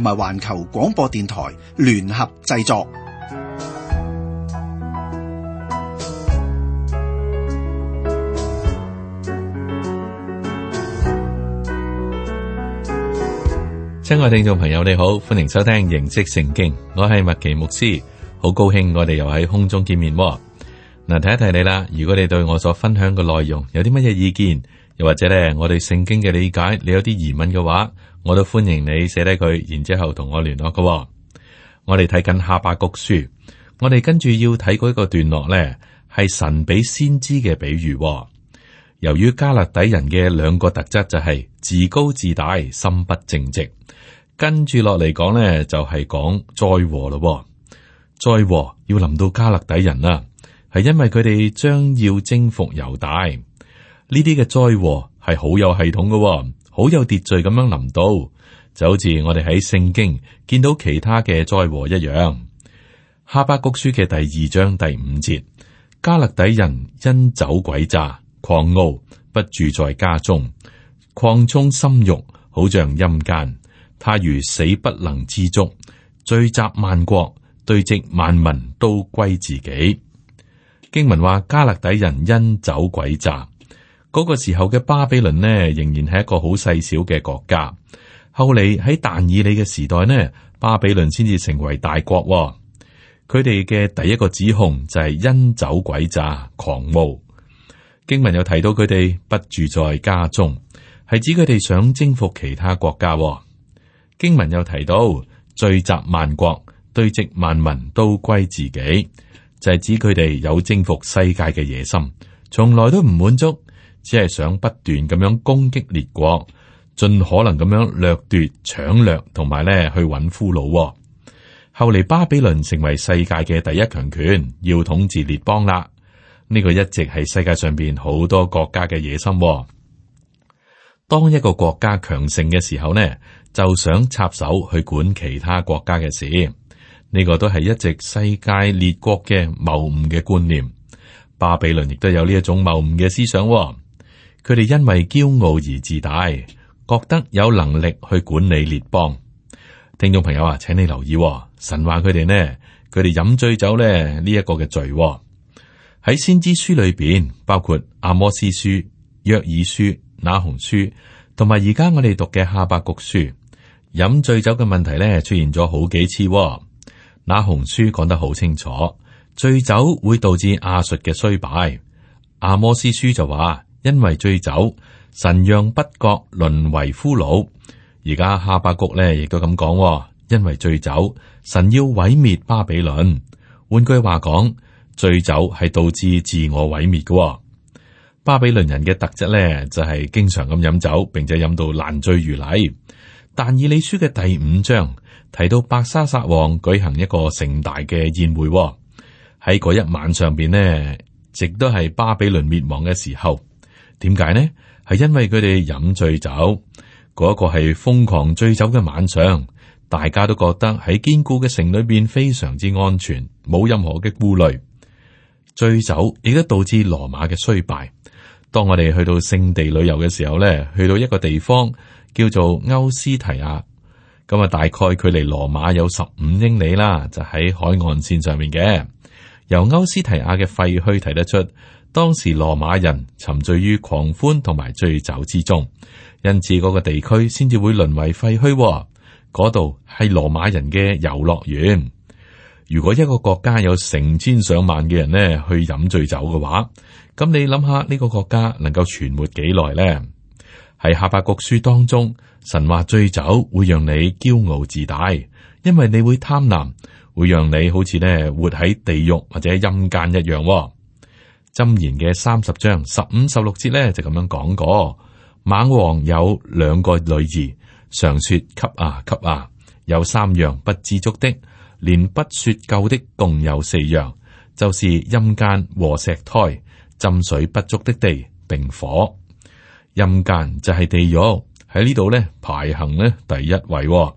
同埋環球廣播電台聯合製作。親愛聽眾朋友，你好，歡迎收聽《形色聖經》，我係麥奇牧師，好高興我哋又喺空中見面。嗱，睇一睇你啦，如果你對我所分享嘅內容有啲乜嘢意見，又或者咧，我哋聖經嘅理解，你有啲疑問嘅話，我都歡迎你寫低佢，然之後同我聯絡嘅、哦。我哋睇緊下巴谷書，我哋跟住要睇嗰一個段落咧，係神俾先知嘅比喻、哦。由於加勒底人嘅兩個特質就係、是、自高自大、心不正直，跟住落嚟講咧，就係、是、講災禍咯、哦。災禍要臨到加勒底人啦，係因為佢哋將要征服猶大。呢啲嘅災禍係好有系統嘅、哦，好有秩序咁樣臨到，就好似我哋喺聖經見到其他嘅災禍一樣。哈巴谷書嘅第二章第五節，迦勒底人因酒詭詐，狂傲，不住在家中，擴充心欲，好像陰間。他如死不能知足，聚集萬國，堆積萬民，都歸自己。經文話：迦勒底人因酒詭詐。嗰個時候嘅巴比倫呢，仍然係一個好細小嘅國家。後嚟喺但以理嘅時代呢，巴比倫先至成為大國，哦。佢哋嘅第一個指控就係因酒詭詐，狂傲。經文又提到佢哋不住在家中，係指佢哋想征服其他國家，哦。經文又提到聚集萬國，堆積萬民都歸自己，就係、是、指佢哋有征服世界嘅野心，從來都唔滿足。只係想不斷咁樣攻擊列國，盡可能咁樣掠奪、搶掠，同埋咧去搵俘虜。後嚟巴比倫成為世界嘅第一強權，要統治列邦啦。呢、這個一直係世界上邊好多國家嘅野心。當一個國家強盛嘅時候呢，就想插手去管其他國家嘅事。呢、這個都係一直世界列國嘅謬誤嘅觀念。巴比倫亦都有呢一種謬誤嘅思想。佢哋因為驕傲而自大，覺得有能力去管理列邦。聽眾朋友啊，請你留意、哦、神話佢哋呢。佢哋飲醉酒呢呢一、這個嘅罪喺、哦、先知書裏邊，包括阿摩司書、約珥書、那鴻書，同埋而家我哋讀嘅哈巴谷書。飲醉酒嘅問題呢，出現咗好幾次、哦。那鴻書講得好清楚，醉酒會導致亞述嘅衰敗。阿摩司書就話。因為醉酒，神讓不覺淪為俘虜。而家哈巴谷咧，亦都咁講，因為醉酒，神要毀滅巴比倫。換句話講，醉酒係導致自我毀滅嘅。巴比倫人嘅特質咧，就係經常咁飲酒，並且飲到爛醉如泥。但以理書嘅第五章提到，白沙撒王舉行一個盛大嘅宴會，喺嗰一晚上邊呢，亦都係巴比倫滅亡嘅時候。點解呢？係因為佢哋飲醉酒，嗰一個係瘋狂醉酒嘅晚上，大家都覺得喺堅固嘅城裏邊非常之安全，冇任何嘅顧慮。醉酒亦都導致羅馬嘅衰敗。當我哋去到聖地旅遊嘅時候呢，去到一個地方叫做歐斯提亞，咁啊，大概距離羅馬有十五英里啦，就喺海岸線上面嘅。由歐斯提亞嘅廢墟睇得出。當時羅馬人沉醉於狂歡同埋醉酒之中，因此嗰個地區先至會淪為廢墟。嗰度係羅馬人嘅遊樂園。如果一個國家有成千上萬嘅人呢去飲醉酒嘅話，咁你諗下呢個國家能夠存活幾耐呢？喺《哈巴谷書》當中，神話醉酒會讓你驕傲自大，因為你會貪婪，會讓你好似呢活喺地獄或者陰間一樣。《箴言》嘅三十章十五十六節咧，就咁樣講過。猛王有兩個女兒，常說，給啊給啊，有三樣不知足的，連不說夠的，的共有四樣，就是陰間和石胎浸水不足的地，並火陰間，就係地獄，喺呢度咧，排行咧第一位、哦。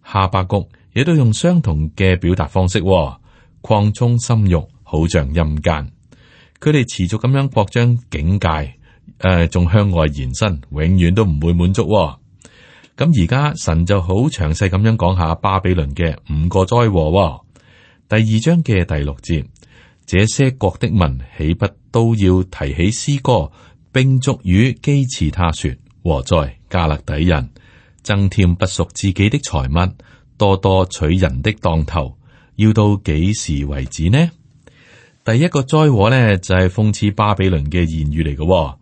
哈巴谷亦都用相同嘅表達方式擴、哦、充心欲，好像陰間。佢哋持續咁樣擴張境界，誒、呃，仲向外延伸，永遠都唔會滿足、哦。咁而家神就好詳細咁樣講下巴比倫嘅五個災禍、哦。第二章嘅第六節，這些國的民豈不都要提起詩歌，並俗語譏刺他說：禍哉！迦勒底人增添不屬自己的財物，多多取人的當頭，要到幾時為止呢？第一個災禍呢，就係諷刺巴比倫嘅言語嚟嘅，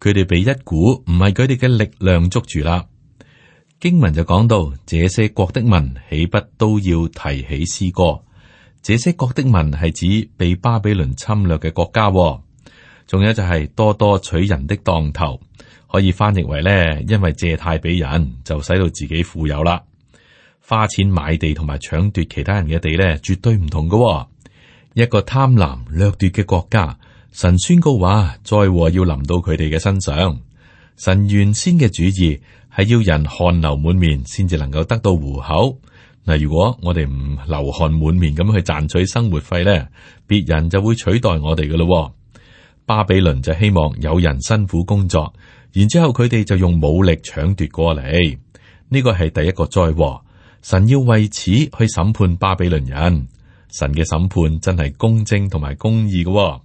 佢哋被一股唔係佢哋嘅力量捉住啦。經文就講到，這些國的民豈不都要提起詩歌？這些國的民係指被巴比倫侵略嘅國家。仲有就係多多取人的當頭，可以翻譯為呢：因為借貸俾人就使到自己富有啦。花錢買地同埋搶奪其他人嘅地呢，絕對唔同嘅。一個貪婪掠奪嘅國家，神宣告話災禍要臨到佢哋嘅身上。神原先嘅主意係要人汗流滿面先至能夠得到糊口。嗱，如果我哋唔流汗滿面咁去賺取生活費咧，別人就會取代我哋噶咯。巴比倫就希望有人辛苦工作，然之後佢哋就用武力搶奪過嚟。呢個係第一個災禍，神要為此去審判巴比倫人。神嘅審判真係公正同埋公義嘅喎，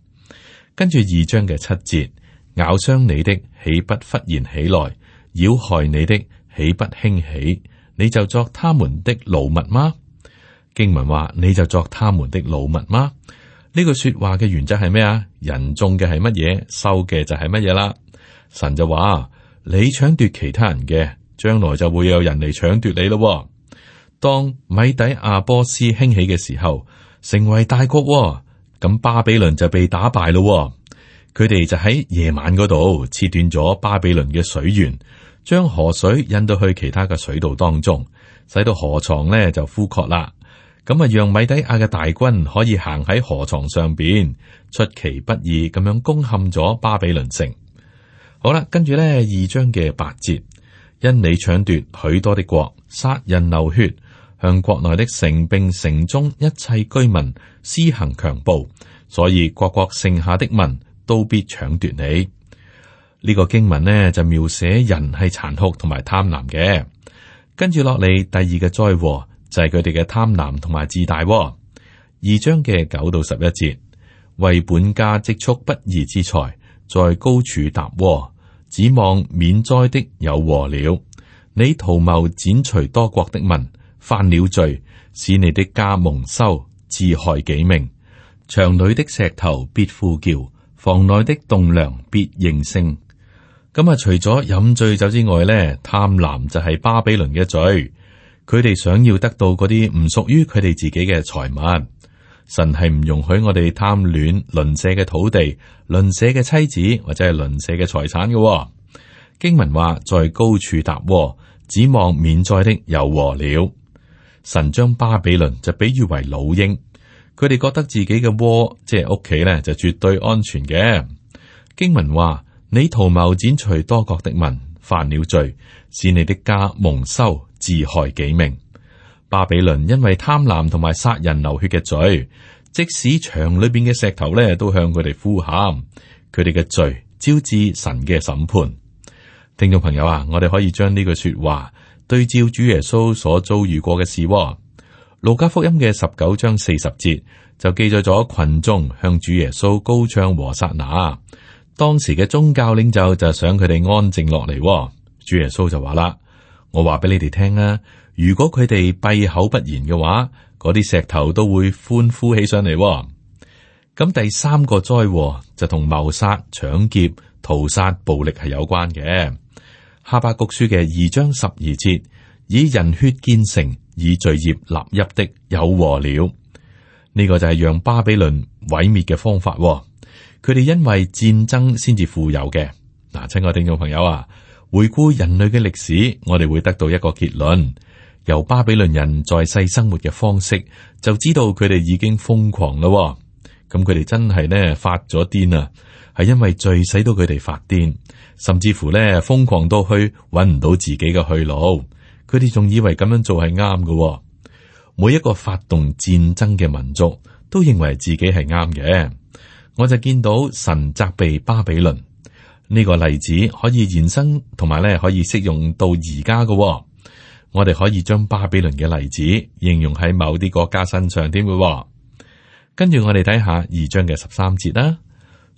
跟住二章嘅七節，咬傷你的豈不忽然起來，擾害你的豈不興起？你就作他們的擄物嗎？經文話，你就作他們的擄物嗎？呢句說話嘅原則係咩啊？人種嘅係乜嘢，收嘅就係乜嘢啦？神就話，你搶奪其他人嘅，將來就會有人嚟搶奪你咯。當米底亞波斯興起嘅時候，成為大國，哦，咁巴比倫就被打敗咯，哦。佢哋就喺夜晚嗰度切斷咗巴比倫嘅水源，將河水引到去其他嘅水道當中，使到河床咧就枯涸啦。咁啊，讓米底亞嘅大軍可以行喺河床上邊，出其不意咁樣攻陷咗巴比倫城。好啦，跟住咧二章嘅八節，因你搶奪許多的國，殺人流血。向國內的城並城中一切居民施行強暴，所以各國剩下的民都必搶奪你。呢、這個經文呢就描寫人係殘酷同埋貪婪嘅。跟住落嚟，第二個災禍就係佢哋嘅貪婪同埋自大喎。二章嘅九到十一節，為本家積蓄不義之財，在高處搭窩，指望免災的有禍了。你圖謀剪除多國的民。犯了罪，使你的家蒙羞，自害己命。牆裏的石頭必呼叫，房內的棟梁必應聲。咁、嗯、啊，除咗飲醉酒之外呢，貪婪就係巴比倫嘅罪。佢哋想要得到嗰啲唔屬於佢哋自己嘅財物，神係唔容許我哋貪戀鄰舍嘅土地、鄰舍嘅妻子或者係鄰舍嘅財產嘅、哦、經文話，在高處搭窩，指望免災的有禍了。神將巴比倫就比喻為老鷹，佢哋覺得自己嘅窩即係屋企咧就絕對安全嘅。經文話：你圖謀剪除多國的民，犯了罪，使你的家蒙羞，自害己命。巴比倫因為貪婪同埋殺人流血嘅罪，即使牆裏面嘅石頭咧都向佢哋呼喊，佢哋嘅罪招致神嘅審判。聽眾朋友啊，我哋可以將呢句說話。對照主耶穌所遭遇過嘅事、哦，路加福音嘅十九章四十節就記載咗群眾向主耶穌高唱和撒那。當時嘅宗教領袖就想佢哋安靜落嚟、哦，主耶穌就話啦：我話俾你哋聽啊，如果佢哋閉口不言嘅話，嗰啲石頭都會歡呼起上嚟、哦。咁第三個災禍就同謀殺、搶劫、屠殺、暴力係有關嘅。哈巴谷書嘅二章十二節，以人血建成，以罪孽立入的，有禍了。呢、這個就係讓巴比倫毀滅嘅方法、哦。佢哋因為戰爭先至富有嘅。嗱，親愛聽眾朋友啊，回顧人類嘅歷史，我哋會得到一個結論：由巴比倫人在世生活嘅方式，就知道佢哋已經瘋狂啦、哦。咁佢哋真係呢發咗癲啊！係因為罪使到佢哋發癲，甚至乎咧瘋狂到去揾唔到自己嘅去路，佢哋仲以為咁樣做係啱嘅。每一個發動戰爭嘅民族都認為自己係啱嘅。我就見到神責備巴比倫呢個例子，可以延伸同埋咧可以適用到而家嘅。我哋可以將巴比倫嘅例子應用喺某啲國家身上，點會？跟住我哋睇下二章嘅十三節啦。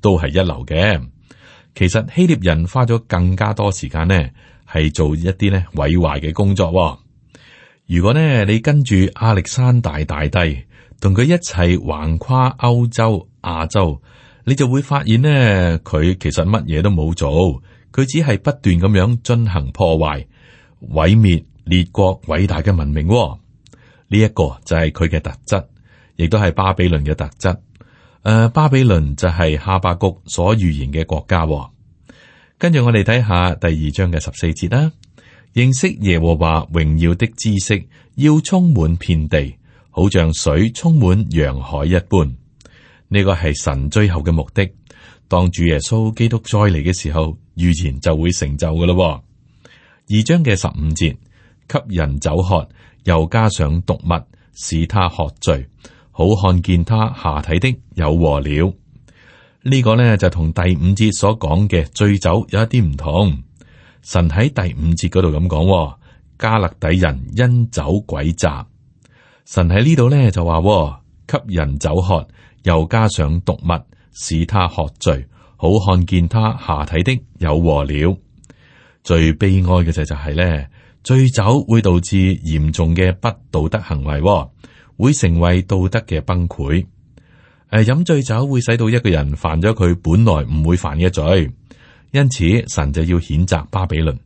都係一流嘅。其實希臘人花咗更加多時間呢，係做一啲呢毀壞嘅工作喎。如果呢你跟住亞歷山大大帝同佢一齊橫跨歐洲、亞洲，你就會發現呢佢其實乜嘢都冇做，佢只係不斷咁樣進行破壞、毀滅列國偉大嘅文明喎。呢、這、一個就係佢嘅特質，亦都係巴比倫嘅特質。誒、啊，巴比倫就係哈巴谷所預言嘅國家，哦。跟住我哋睇下第二章嘅十四節啦、啊，認識耶和華榮耀的知識要充滿遍地，好像水充滿洋海一般。呢、這個係神最後嘅目的。當主耶穌基督再嚟嘅時候，預言就會成就㗎喇，哦。二章嘅十五節，給人酒喝，又加上毒物，使他喝醉。好看見他下體的有禍了，呢、這個呢，就同第五節所講嘅醉酒有一啲唔同。神喺第五節嗰度咁講，迦勒底人因酒詭詐，神喺呢度呢，就話、哦，給人酒喝，又加上毒物，使他喝醉，好看見他下體的有禍了。最悲哀嘅就係、是、呢，醉酒會導致嚴重嘅不道德行為、哦。會成為道德嘅崩潰。誒、呃，飲醉酒會使到一個人犯咗佢本來唔會犯嘅罪，因此神就要譴責巴比倫。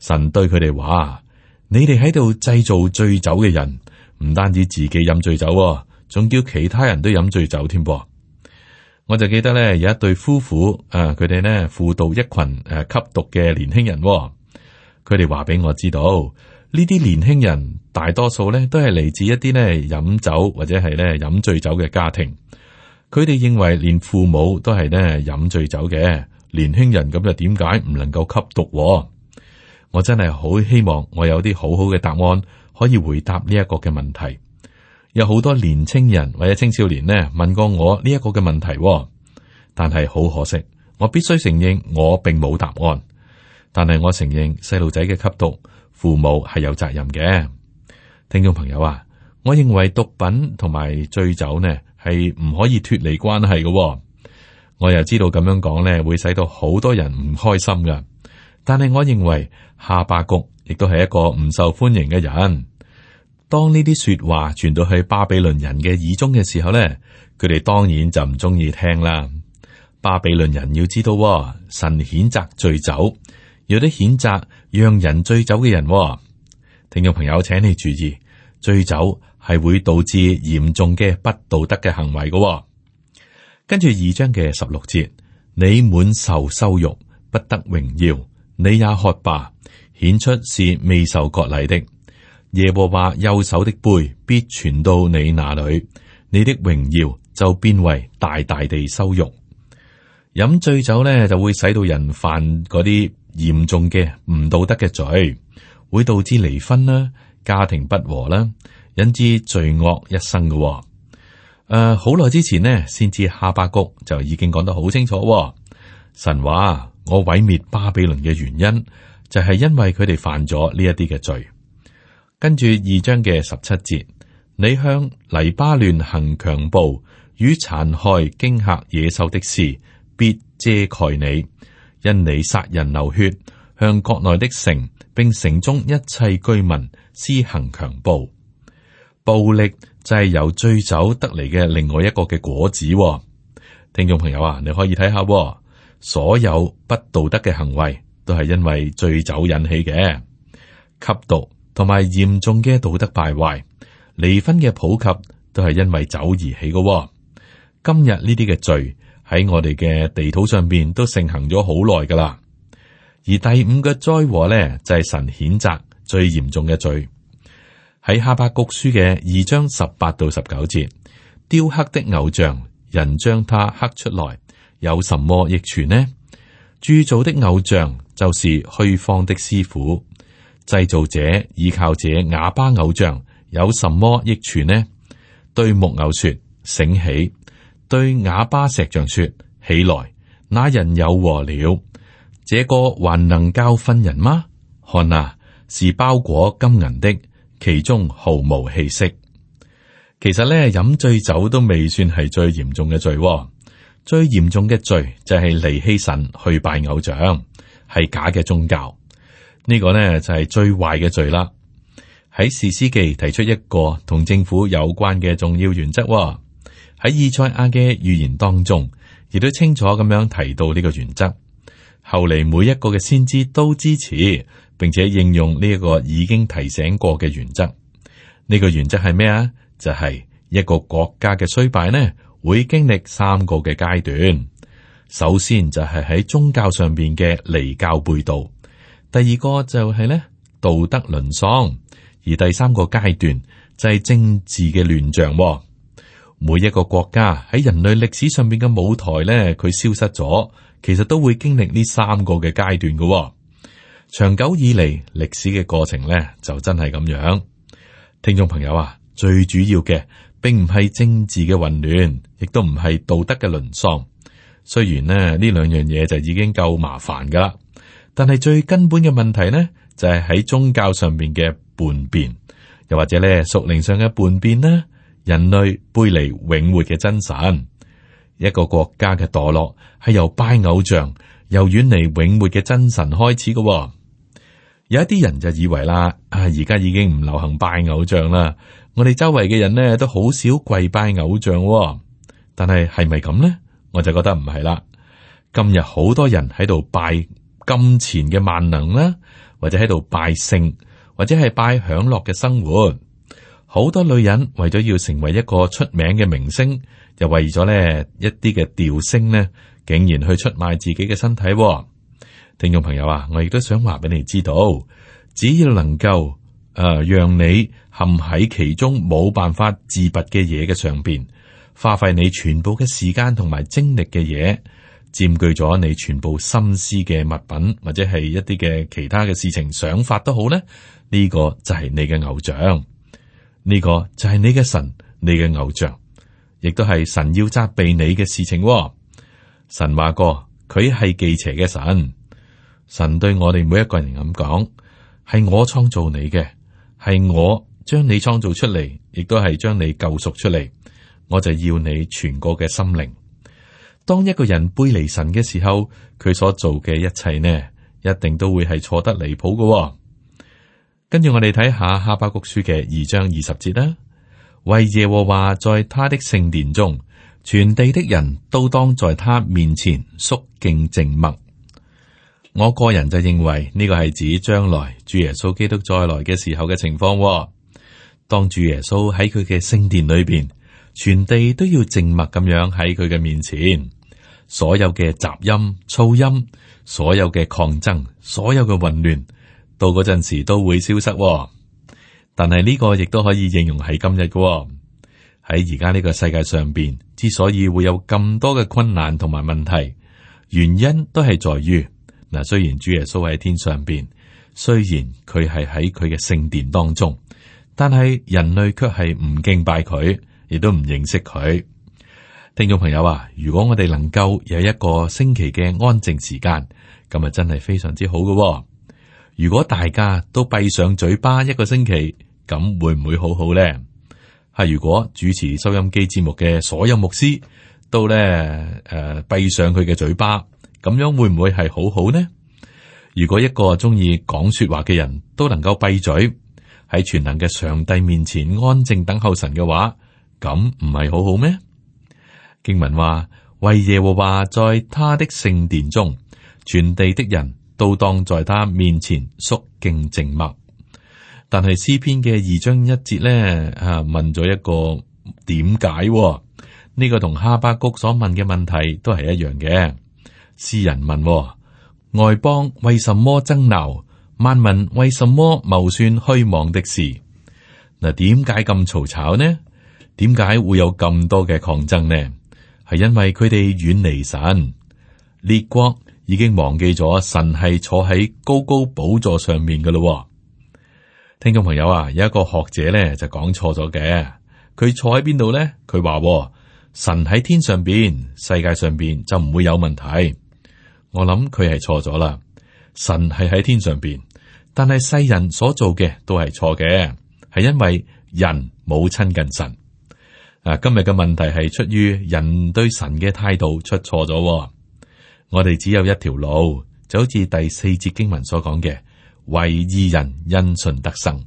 神對佢哋話：你哋喺度製造醉酒嘅人，唔單止自己飲醉酒，哦，仲叫其他人都飲醉酒添。噉，我就記得咧有一對夫婦，啊、呃，佢哋呢輔導一群誒、呃、吸毒嘅年輕人，哦，佢哋話俾我知道。呢啲年輕人大多數咧，都係嚟自一啲咧飲酒或者係咧飲醉酒嘅家庭。佢哋認為連父母都係咧飲醉酒嘅年輕人，咁就點解唔能夠吸毒？我真係好希望我有啲好好嘅答案可以回答呢一個嘅問題。有好多年青人或者青少年咧問過我呢一個嘅問題，但係好可惜，我必須承認我並冇答案。但係我承認細路仔嘅吸毒，父母係有責任嘅，聽眾朋友啊，我認為毒品同埋醉酒呢係唔可以脫離關係嘅、哦。我又知道咁樣講呢會使到好多人唔開心噶，但係我認為哈巴谷亦都係一個唔受歡迎嘅人。當呢啲說話傳到去巴比倫人嘅耳中嘅時候呢，佢哋當然就唔中意聽啦。巴比倫人要知道、哦、神譴責醉酒，有啲譴責。讓人醉酒嘅人，哦，聽眾朋友，請你注意，醉酒係會導致嚴重嘅不道德嘅行為嘅，哦。跟住二章嘅十六節，嗯，你滿受羞辱，不得榮耀，你也喝吧，顯出是未受割禮的。耶和華右手的杯必傳到你那裏，你的榮耀就變為大大地羞辱。飲醉酒呢，就會使到人犯嗰啲。嚴重嘅唔道德嘅罪，會導致離婚啦、家庭不和啦，引致罪惡一生嘅。誒、呃，好耐之前呢，先知哈巴谷就已經講得好清楚。神話我毀滅巴比倫嘅原因，就係、是、因為佢哋犯咗呢一啲嘅罪。跟住二章嘅十七節，你向黎巴嫩行強暴與殘害驚嚇野獸的事，必遮蓋你。因你殺人流血，向國內的城並城中一切居民施行強暴，暴力就係由醉酒得嚟嘅另外一個嘅果子喎。聽眾朋友啊，你可以睇下喎，所有不道德嘅行為都係因為醉酒引起嘅，吸毒同埋嚴重嘅道德敗壞、離婚嘅普及都係因為酒而起嘅喎。今日呢啲嘅罪。喺我哋嘅地土上邊都盛行咗好耐噶啦，而第五個災禍呢，就係、是、神譴責最嚴重嘅罪。喺哈巴谷書嘅二章十八到十九節，雕刻的偶像，人將他刻出來，有什麼益處呢？鑄造的偶像就是虛謊的師傅，製造者倚靠者啞巴偶像，有什麼益處呢？對木偶說，醒起。對啞巴石像說：起來，那人有禍了。這個還能教訓人嗎？看啊，是包裹金銀的，其中毫無氣息。其實呢，飲醉酒都未算係最嚴重嘅罪，哦，最嚴重嘅罪就係離棄神去拜偶像，係假嘅宗教。呢、這個呢，就係、是、最壞嘅罪啦。喺士師記提出一個同政府有關嘅重要原則，哦。喺以賽亞嘅預言當中，亦都清楚咁樣提到呢個原則。後嚟每一個嘅先知都支持，並且應用呢一個已經提醒過嘅原則。呢、呢個原則係咩啊？就係、係、一個國家嘅衰敗呢，會經歷三個嘅階段。首先就係喺宗教上邊嘅離教背道，第二個就係咧道德淪喪，而第三個階段就係政治嘅亂象。每一個國家喺人類歷史上面嘅舞台呢，佢消失咗，其實都會經歷呢三個嘅階段嘅、哦。長久以嚟，歷史嘅過程呢就真係咁樣。聽眾朋友啊，最主要嘅並唔係政治嘅混亂，亦都唔係道德嘅淪喪。雖然呢，呢兩樣嘢，就已經夠麻煩噶啦，但係最根本嘅問題呢，就係、是、喺宗教上面嘅叛變，又或者呢，屬靈上嘅叛變呢？人類背離永活嘅真神，一個國家嘅墮落係由拜偶像，由遠離永活嘅真神開始嘅。有一啲人就以為啦，啊，而家已經唔流行拜偶像啦，我哋周圍嘅人呢都好少跪拜偶像。但係係咪咁呢？我就覺得唔係啦。今日好多人喺度拜金錢嘅萬能啦，或者喺度拜性，或者係拜享樂嘅生活。好多女人為咗要成為一個出名嘅明星，又為咗咧一啲嘅調聲呢，竟然去出賣自己嘅身體。聽眾朋友啊，我亦都想話俾你知道，只要能夠誒、呃，讓你陷喺其中冇辦法自拔嘅嘢嘅上邊，花費你全部嘅時間同埋精力嘅嘢，佔據咗你全部心思嘅物品或者係一啲嘅其他嘅事情想法都好咧，呢、呢個就係你嘅偶像。呢個就係你嘅神，你嘅偶像，亦都係神要責備你嘅事情哦。神話過，佢係忌邪嘅神。神對我哋每一個人咁講，係我創造你嘅，係我將你創造出嚟，亦都係將你救贖出嚟。我就要你全個嘅心靈。當一個人背離神嘅時候，佢所做嘅一切呢，一定都會係錯得離譜嘅哦。跟住我哋睇下哈巴谷書嘅二章二十節啦。為耶和華在他的聖殿中，全地的人都當在他面前肅敬靜默。我個人就認為呢個係指將來主耶穌基督再來嘅時候嘅情況。當主耶穌喺佢嘅聖殿裏邊，全地都要靜默咁樣喺佢嘅面前，所有嘅雜音、噪音，所有嘅抗爭，所有嘅混亂。到嗰陣時都會消失喎，但係呢個亦都可以形容係今日嘅，喺而家呢個世界上邊，之所以會有咁多嘅困難同埋問題，原因都係在於嗱。雖然主耶穌喺天上邊，雖然佢係喺佢嘅聖殿當中，但係人類卻係唔敬拜佢，亦都唔認識佢。聽眾朋友啊，如果我哋能夠有一個星期嘅安靜時間，咁啊真係非常之好嘅喎。如果大家都閉上嘴巴一個星期，咁會唔會好好呢？係如果主持收音機節目嘅所有牧師都咧誒閉上佢嘅嘴巴，咁樣會唔會係好好呢？如果一個中意講說話嘅人都能夠閉嘴，喺全能嘅上帝面前安靜等候神嘅話，咁唔係好好咩？經文話，惟耶和華在他的聖殿中，全地的人，都當在他面前肅敬靜默，但係詩篇嘅二章一節呢，啊問咗一個點解？呢個同哈巴谷所問嘅問題都係一樣嘅。詩人問外邦為什麼爭鬧？萬民為什麼謀算虛妄的事？嗱，點解咁嘈吵呢？點解會有咁多嘅抗爭呢？係因為佢哋遠離神，列國。已經忘記咗神係坐喺高高寶座上面嘅咯，聽眾朋友啊，有一個學者咧就講錯咗嘅，佢坐喺邊度咧？佢話神喺天上邊，世界上邊就唔會有問題。我諗佢係錯咗啦，神係喺天上邊，但係世人所做嘅都係錯嘅，係因為人冇親近神啊。今日嘅問題係出於人對神嘅態度出錯咗。我哋只有一條路，就好似第四節經文所講嘅，為義人因信得生。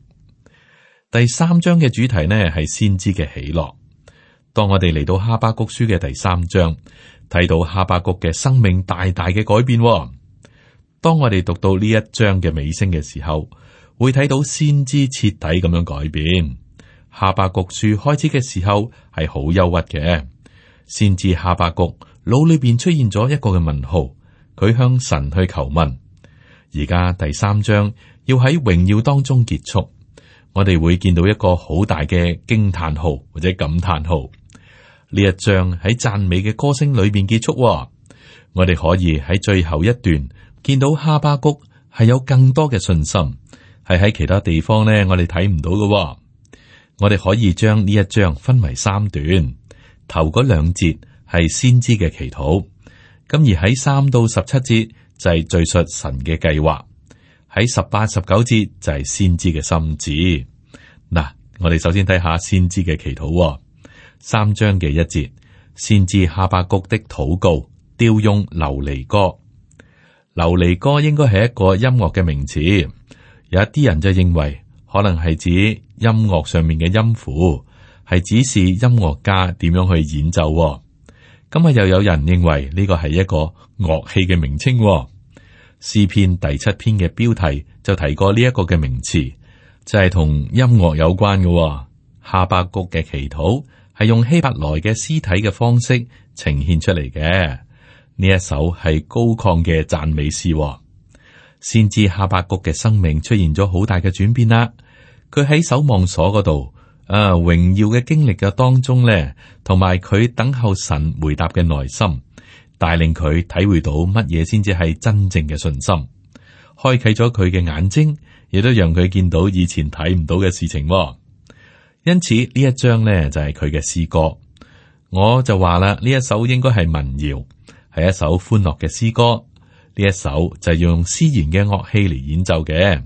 第三章嘅主題呢，係先知嘅喜樂。當我哋嚟到哈巴谷書嘅第三章，睇到哈巴谷嘅生命大大嘅改變。當我哋讀到呢一章嘅尾聲嘅時候，會睇到先知徹底咁樣改變。哈巴谷書開始嘅時候，係好憂鬱嘅，先知哈巴谷。腦裏邊出現咗一個嘅問號，佢向神去求問。而家第三章要喺榮耀當中結束，我哋會見到一個好大嘅驚嘆號或者感嘆號。呢一章喺讚美嘅歌聲裏邊結束，我哋可以喺最後一段見到哈巴谷係有更多嘅信心，係喺其他地方呢，我哋睇唔到嘅。我哋可以將呢一章分為三段，頭嗰兩節，係先知嘅祈禱，咁而喺三到十七節就係敘述神嘅計劃；喺十八、十九節就係先知嘅心志嗱。我哋首先睇下先知嘅祈禱，三章嘅一節，先知哈巴谷的禱告，調用流離歌。流離歌應該係一個音樂嘅名詞，有一啲人就認為可能係指音樂上面嘅音符，係指示音樂家點樣去演奏。今日又有人認為呢個係一個樂器嘅名稱、哦。詩篇第七篇嘅標題就提過呢一個嘅名詞，就係、是、同音樂有關嘅、哦。哈巴谷嘅祈禱係用希伯來嘅詩體嘅方式呈現出嚟嘅。呢一首係高亢嘅讚美詩、哦。先知哈巴谷嘅生命出現咗好大嘅轉變啦。佢喺守望所嗰度。啊！榮耀嘅經歷嘅當中咧，同埋佢等候神回答嘅內心，帶領佢體會到乜嘢先至係真正嘅信心，開啟咗佢嘅眼睛，亦都讓佢見到以前睇唔到嘅事情、哦。因此呢一章咧就係佢嘅詩歌。我就話啦，呢一首應該係民謠，係一首歡樂嘅詩歌。呢一首就係用絲弦嘅樂器嚟演奏嘅，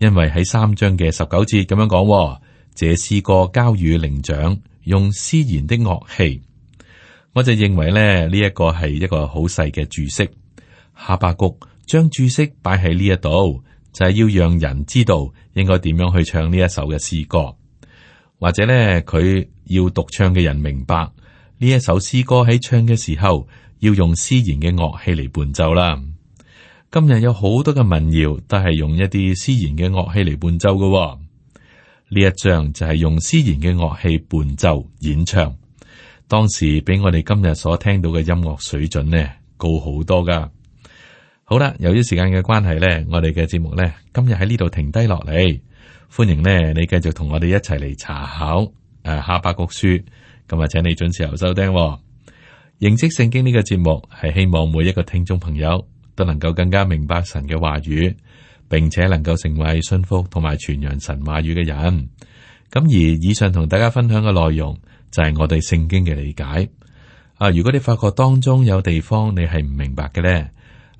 因為喺三章嘅十九節咁樣講、哦。這詩歌交與伶長，用絲絃的樂器，我就認為咧、呢、這個、一個係一個好細嘅註釋。哈巴谷將註釋擺喺呢一度，就係、是、要讓人知道應該點樣去唱呢一首嘅詩歌，或者咧佢要獨唱嘅人明白呢一首詩歌喺唱嘅時候要用絲絃嘅樂器嚟伴奏啦。今日有好多嘅民謠都係用一啲絲絃嘅樂器嚟伴奏噶、哦。呢一章就係用詩言嘅樂器伴奏演唱，當時比我哋今日所聽到嘅音樂水準呢高好多噶。好啦，由於時間嘅關係呢我哋嘅節目呢今日喺呢度停低落嚟。歡迎呢你繼續同我哋一齊嚟查考誒、啊、哈巴谷書，咁啊，請你準時收聽、哦。認識聖經呢、呢個節目係希望每一個聽眾朋友都能夠更加明白神嘅話語。並且能夠成為信福同埋傳揚神話語嘅人。咁而以上同大家分享嘅內容就係我對聖經嘅理解。啊，如果你發覺當中有地方你係唔明白嘅呢，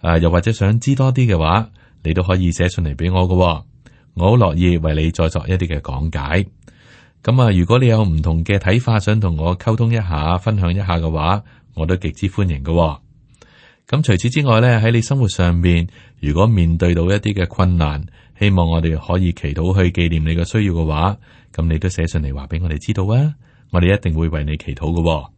啊又或者想知多啲嘅話，你都可以寫信嚟俾我嘅、哦。我好樂意為你再作一啲嘅講解。咁啊，如果你有唔同嘅睇法，想同我溝通一下、分享一下嘅話，我都極之歡迎嘅、哦。咁除此之外咧，喺你生活上面，如果面對到一啲嘅困難，希望我哋可以祈禱去紀念你嘅需要嘅話，咁你都寫信嚟話俾我哋知道啊！我哋一定會為你祈禱嘅，哦。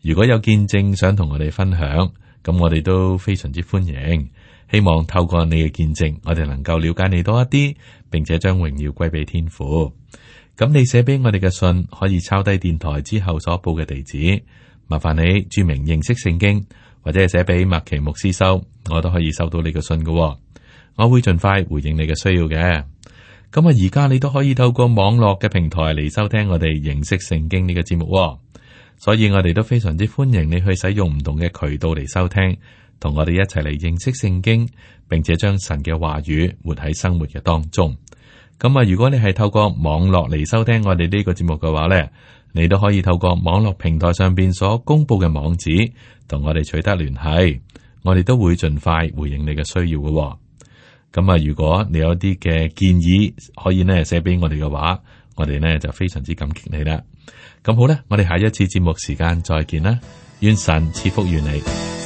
如果有見證想同我哋分享，咁我哋都非常之歡迎。希望透過你嘅見證，我哋能夠了解你多一啲，並且將榮耀歸俾天父。咁你寫俾我哋嘅信，可以抄低電台之後所報嘅地址，麻煩你注明認識聖經。或者係寫俾麥其牧師收，我都可以收到你嘅信噶，我會盡快回應你嘅需要嘅。咁啊，而家你都可以透過網絡嘅平台嚟收聽我哋認識聖經呢個節目，所以我哋都非常之歡迎你去使用唔同嘅渠道嚟收聽，同我哋一齊嚟認識聖經，並且將神嘅話語活喺生活嘅當中。咁啊，如果你係透過網絡嚟收聽我哋呢個節目嘅話呢，你都可以透過網絡平台上邊所公佈嘅網址同我哋取得聯繫，我哋都會盡快回應你嘅需要嘅。咁啊，如果你有啲嘅建議，可以呢寫俾我哋嘅話，我哋呢就非常之感激你啦。咁好啦，我哋下一次節目時間再見啦，願神賜福於你。